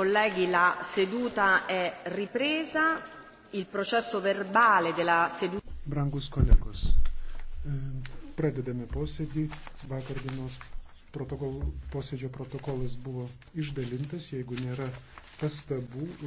colleghi, la seduta è ripresa. Il processo verbale della seduta. Brangus kolegos, ehm, pradedame posėdį. Vakar dienos protokol, posėdžio protokolas buvo išdalintas. Jeigu nėra pastabų,